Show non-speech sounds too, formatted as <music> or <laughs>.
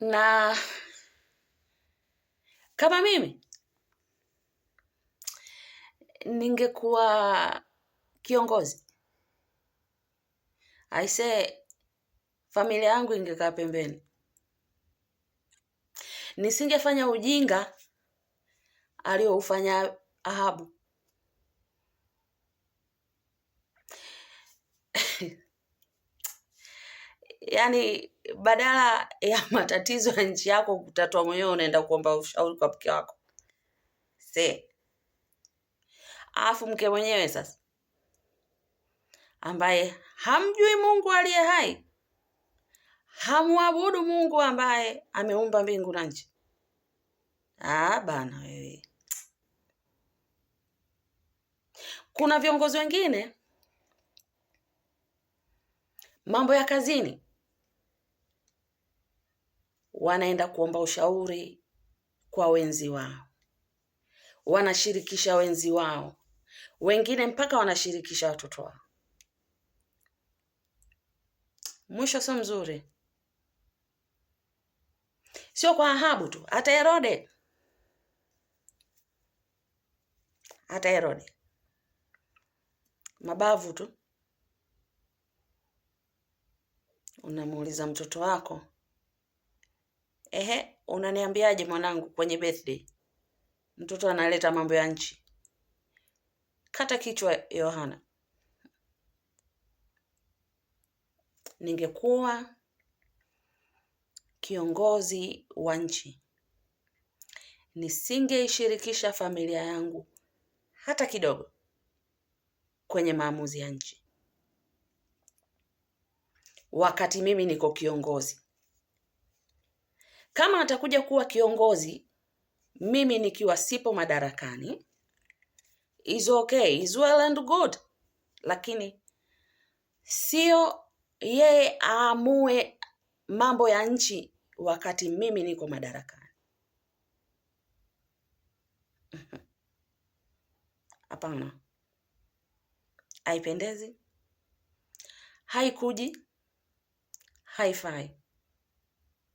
na kama mimi ningekuwa kiongozi aise familia yangu ingekaa pembeni, nisingefanya ujinga aliyoufanya Ahabu. <laughs> yani badala ya <laughs> matatizo ya nchi yako kutatua mwenyewe unaenda kuomba ushauri kwa mke wako se alafu mke mwenyewe sasa ambaye hamjui Mungu aliye hai hamwabudu Mungu ambaye ameumba mbingu na nchi. Ah, bana wewe. Kuna viongozi wengine mambo ya kazini wanaenda kuomba ushauri kwa wenzi wao, wanashirikisha wenzi wao, wengine mpaka wanashirikisha watoto wao. Mwisho sio mzuri, sio kwa Ahabu tu, hata Herode, hata Herode mabavu tu. Unamuuliza mtoto wako Ehe, unaniambiaje mwanangu kwenye birthday? Mtoto analeta mambo ya nchi. Kata kichwa Yohana. Ningekuwa kiongozi wa nchi, nisingeishirikisha familia yangu hata kidogo kwenye maamuzi ya nchi, wakati mimi niko kiongozi kama atakuja kuwa kiongozi mimi nikiwa sipo madarakani is okay, is well and good, lakini sio yeye aamue mambo ya nchi wakati mimi niko madarakani. <laughs> Hapana, haipendezi, haikuji, haifai.